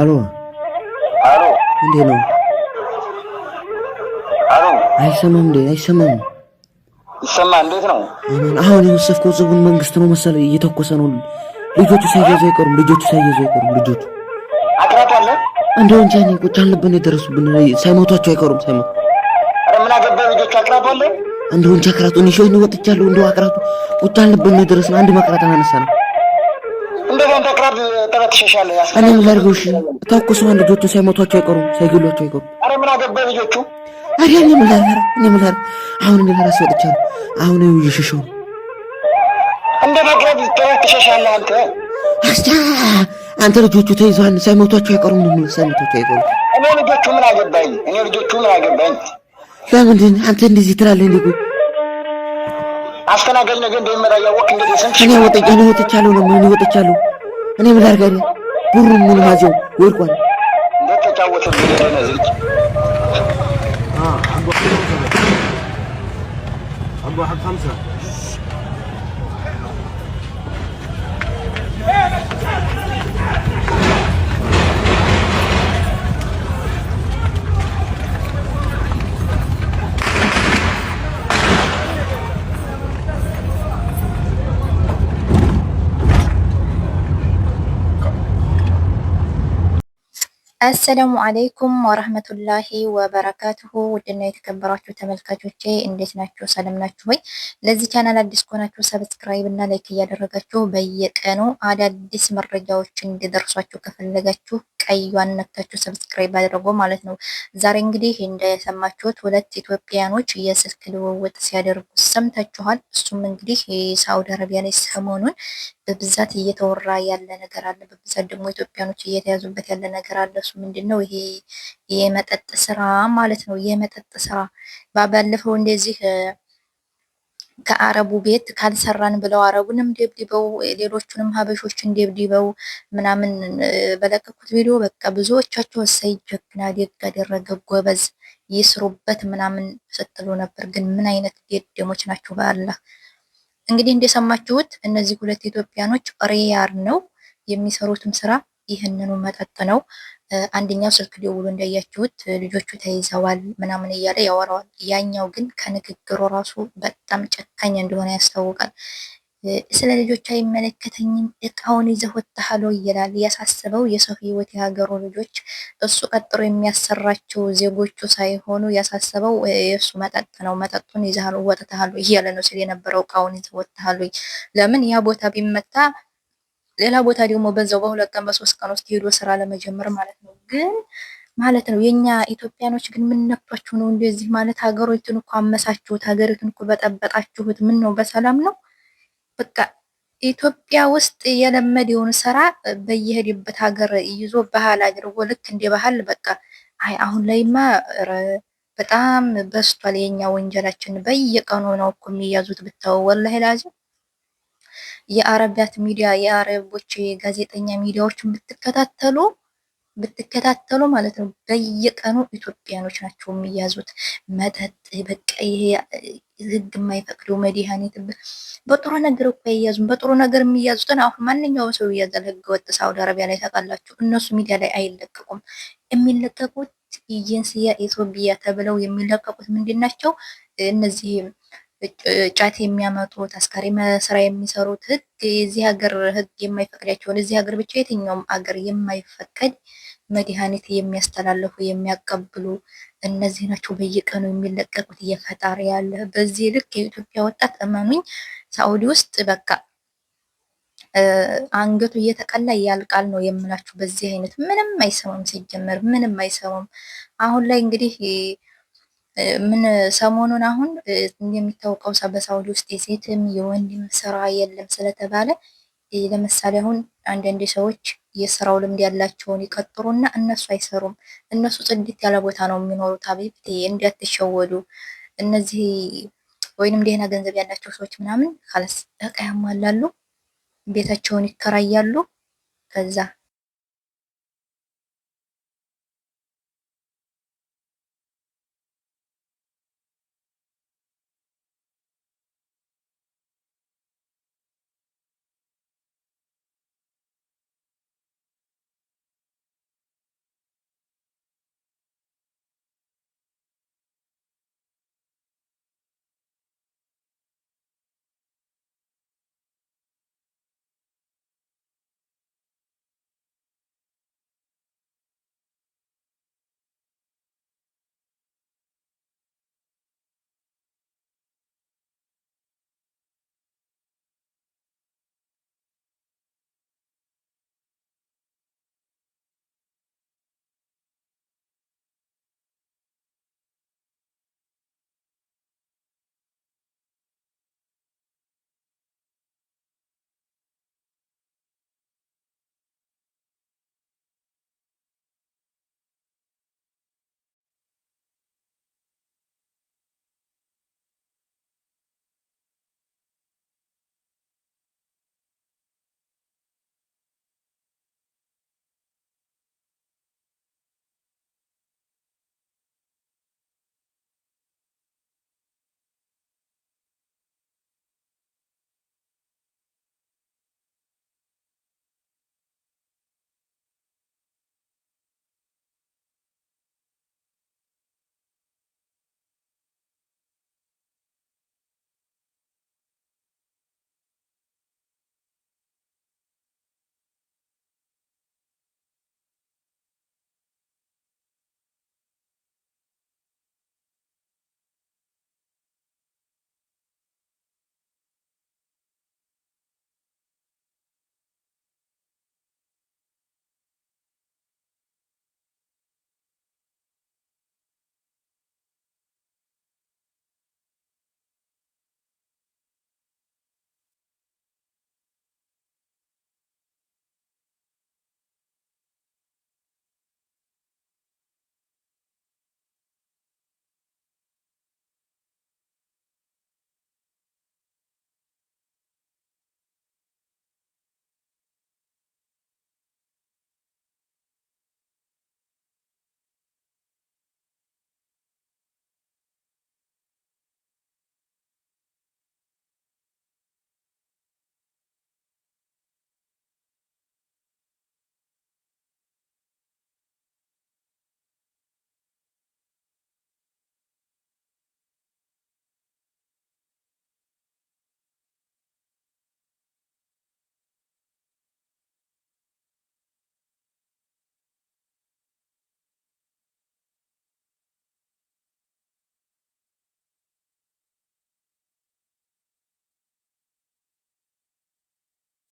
አሎ አሎ፣ እንዴት ነው? አሎ፣ አይሰማም እንዴ? አይሰማም። ይሰማ እንዴት ነው? አሁን የወሰፍከው ጽቡን መንግስት ነው መሰለ እየተኮሰ ነው። ልጆቹ ሳይያዙ አይቀሩም። ልጆቹ ሳይያዙ አይቀሩም። ልጆቹ አክራቱ አለ እንደ ወንጃ ነኝ ቁጭ አልነበን የደረሱብን ሳይሞቷቸው አይቀሩም። ሳይሞት አረ ምን አገባ ልጆቹ አክራቱ አለ እንደ ወንጃ እኔ ሾይ ነው ወጥቻለሁ። እንደው አክራቱ ቁጭ አልነበን የደረስን አንድ ማክራታን አነሳ ነው እንደው አንተ አክራቱ እኔም ላድርገውሽ። ተኩስ ማን ልጆቹ ሳይሞቷቸው አይቀሩም፣ ሳይገሏቸው አይቀሩም። አረ ምን አገባኝ ልጆቹ። አረ እኔም ላድርግ፣ እኔም ላድርግ። አሁን እኔ ራሴ ወጥቻለሁ። አሁን ይኸው እየሸሸሁ ነው። እንደ መቅረብ ትሸሻለህ አንተ። አስቻ አንተ ልጆቹ ተይዘዋል፣ ሳይሞቷቸው አይቀሩም ነው የሚለው፣ ሳይሞቷቸው አይቀሩም። እኔ ልጆቹ ምን አገባኝ? እኔ ልጆቹ ምን አገባኝ? ለምንድን አንተ እንደዚህ ትላለህ? እንዴ አስተናጋጅ ነገር እንደሚመራ እያወቅህ ስንት እኔ ወጥቻለሁ ነው ወጥቻለሁ እኔ ምን አርጋኝ ብሩ ሙሉ ማዘው ወድቋል። አሰላሙ አለይኩም ወረህመቱላሂ ወበረካቱሁ ውድና የተከበራችሁ ተመልካቾቼ እንዴት ናችሁ? ሰላም ናችሁ ወይ? ለዚህ ቻናል አዲስ ከሆናችሁ ሰብስክራይብ እና ላይክ እያደረጋችሁ በየቀኑ አዳዲስ መረጃዎች እንዲደርሷችሁ ከፈለጋችሁ ቀዩን ነክታችሁ ሰብስክራይብ አድርጎ ማለት ነው። ዛሬ እንግዲህ እንደሰማችሁት ሁለት ኢትዮጵያኖች የስልክ ልውውጥ ሲያደርጉ ሰምታችኋል። እሱም እንግዲህ ሳውዲ አረቢያ ላይ ሰሞኑን በብዛት እየተወራ ያለ ነገር አለ። በብዛት ደግሞ ኢትዮጵያኖች እየተያዙበት ያለ ነገር አለ። ምንድን ነው ይሄ የመጠጥ ስራ ማለት ነው። የመጠጥ ስራ ባለፈው እንደዚህ ከአረቡ ቤት ካልሰራን ብለው አረቡንም ደብድበው ሌሎቹንም ሀበሾችን ደብድበው ምናምን በለቀኩት ቪዲዮ በቃ ብዙዎቻቸው እሰይ ጀግና ደግ ያደረገ ጎበዝ ይስሩበት ምናምን ስትሉ ነበር። ግን ምን አይነት ደደሞች ናቸው በአላ እንግዲህ እንደሰማችሁት እነዚህ ሁለት ኢትዮጵያኖች ሪያር ነው የሚሰሩትም ስራ ይህንኑ መጠጥ ነው። አንደኛው ስልክ ደውሎ እንዳያችሁት ልጆቹ ተይዘዋል ምናምን እያለ ያወራዋል። ያኛው ግን ከንግግሩ ራሱ በጣም ጨካኝ እንደሆነ ያስታውቃል። ስለ ልጆች አይመለከተኝም፣ እቃውን ይዘህ ወጥተሃል ይላል። ያሳስበው የሰው ህይወት፣ የሀገሩ ልጆች እሱ ቀጥሮ የሚያሰራቸው ዜጎቹ ሳይሆኑ ያሳስበው የእሱ መጠጥ ነው። መጠጡን ይዘሃል ወጥተሃል እያለ ነው ስል የነበረው እቃውን ይዘህ ወጥተሃል። ለምን ያ ቦታ ቢመታ ሌላ ቦታ ደግሞ በዛው በሁለት ቀን በሶስት ቀን ውስጥ ሄዶ ስራ ለመጀመር ማለት ነው። ግን ማለት ነው የኛ ኢትዮጵያኖች ግን ምን ነክቷችሁ ነው እንደዚህ ማለት? ሀገሮችን እኮ አመሳችሁት፣ ሀገሪቱን እኮ በጠበጣችሁት። ምን ነው በሰላም ነው? በቃ ኢትዮጵያ ውስጥ የለመደውን ስራ በየሄድበት ሀገር ይዞ ባህል አድርጎ ልክ እንደ ባህል በቃ አይ አሁን ላይማ በጣም በስቷል የኛ ወንጀላችን። በየቀኑ ነው እኮ የሚያዙት ብታወው ወላሂ ላዚም የአረቢያት ሚዲያ የአረቦች የጋዜጠኛ ሚዲያዎች ብትከታተሉ ብትከታተሉ ማለት ነው በየቀኑ ኢትዮጵያኖች ናቸው የሚያዙት። መጠጥ በቃ ይሄ ህግ የማይፈቅደው መድኃኒት፣ በጥሩ ነገር እኮ አይያዙም። በጥሩ ነገር የሚያዙትን አሁን ማንኛውም ሰው ይያዛል። ህገ ወጥ ሳውዲ አረቢያ ላይ ታውቃላችሁ፣ እነሱ ሚዲያ ላይ አይለቀቁም። የሚለቀቁት ኤጀንሲያ ኢትዮጵያ ተብለው የሚለቀቁት ምንድን ናቸው እነዚህ ጫት የሚያመጡት አስካሪ ስራ የሚሰሩት ህግ የዚህ ሀገር ህግ የማይፈቅዳቸውን እዚህ ሀገር ብቻ የትኛውም ሀገር የማይፈቀድ መድኃኒት የሚያስተላልፉ የሚያቀብሉ እነዚህ ናቸው በየቀኑ የሚለቀቁት። እየፈጣሪ ያለ በዚህ ልክ የኢትዮጵያ ወጣት እመኑኝ፣ ሳኡዲ ውስጥ በቃ አንገቱ እየተቀላ ያልቃል ነው የምላችሁ። በዚህ አይነት ምንም አይሰሙም፣ ሲጀመር ምንም አይሰሙም። አሁን ላይ እንግዲህ ምን ሰሞኑን አሁን የሚታወቀው በሳውዲ ውስጥ የሴትም የወንድም ስራ የለም ስለተባለ ለምሳሌ አሁን አንዳንድ ሰዎች የስራው ልምድ ያላቸውን ይቀጥሩና እነሱ አይሰሩም። እነሱ ጽድት ያለ ቦታ ነው የሚኖሩት። አቤት እንዲያትሸወዱ እነዚህ ወይንም ደህና ገንዘብ ያላቸው ሰዎች ምናምን ካለስ እቃ ያሟላሉ፣ ቤታቸውን ይከራያሉ ከዛ